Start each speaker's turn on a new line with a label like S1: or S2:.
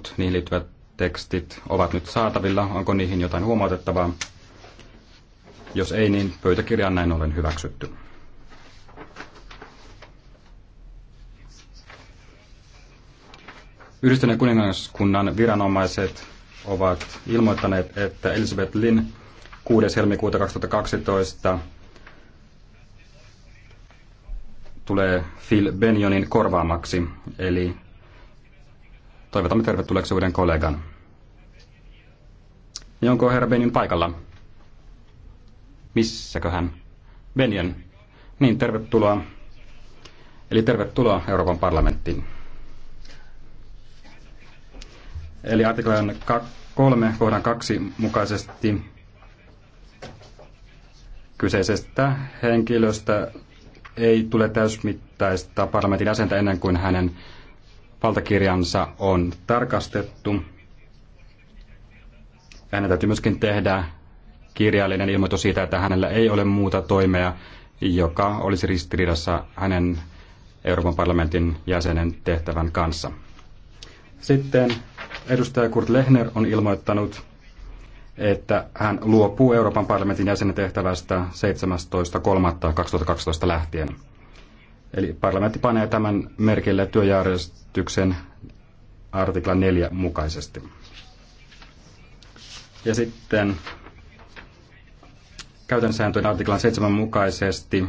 S1: Muut niihin liittyvät tekstit ovat nyt saatavilla. Onko niihin jotain huomautettavaa? Jos ei, niin pöytäkirja on näin ollen hyväksytty. Yhdistyneen kuningaskunnan viranomaiset ovat ilmoittaneet, että Elizabeth Lynn 6. helmikuuta 2012 tulee Phil Benjonin korvaamaksi, eli Toivotamme tervetulleeksi uuden kollegan. Ja onko herra Benjen paikalla? Missäkö hän? Benjen. Niin, tervetuloa. Eli tervetuloa Euroopan parlamenttiin. Eli artiklan 3 kohdan 2 mukaisesti kyseisestä henkilöstä ei tule täysmittaista parlamentin jäsentä ennen kuin hänen valtakirjansa on tarkastettu. Hänen täytyy myöskin tehdä kirjallinen ilmoitus siitä, että hänellä ei ole muuta toimea, joka olisi ristiriidassa hänen Euroopan parlamentin jäsenen tehtävän kanssa. Sitten edustaja Kurt Lehner on ilmoittanut, että hän luopuu Euroopan parlamentin jäsenen tehtävästä 17.3.2012 lähtien. Eli parlamentti panee tämän merkille työjärjestyksen artikla 4 mukaisesti. Ja sitten käytänsääntöjen artiklan 7 mukaisesti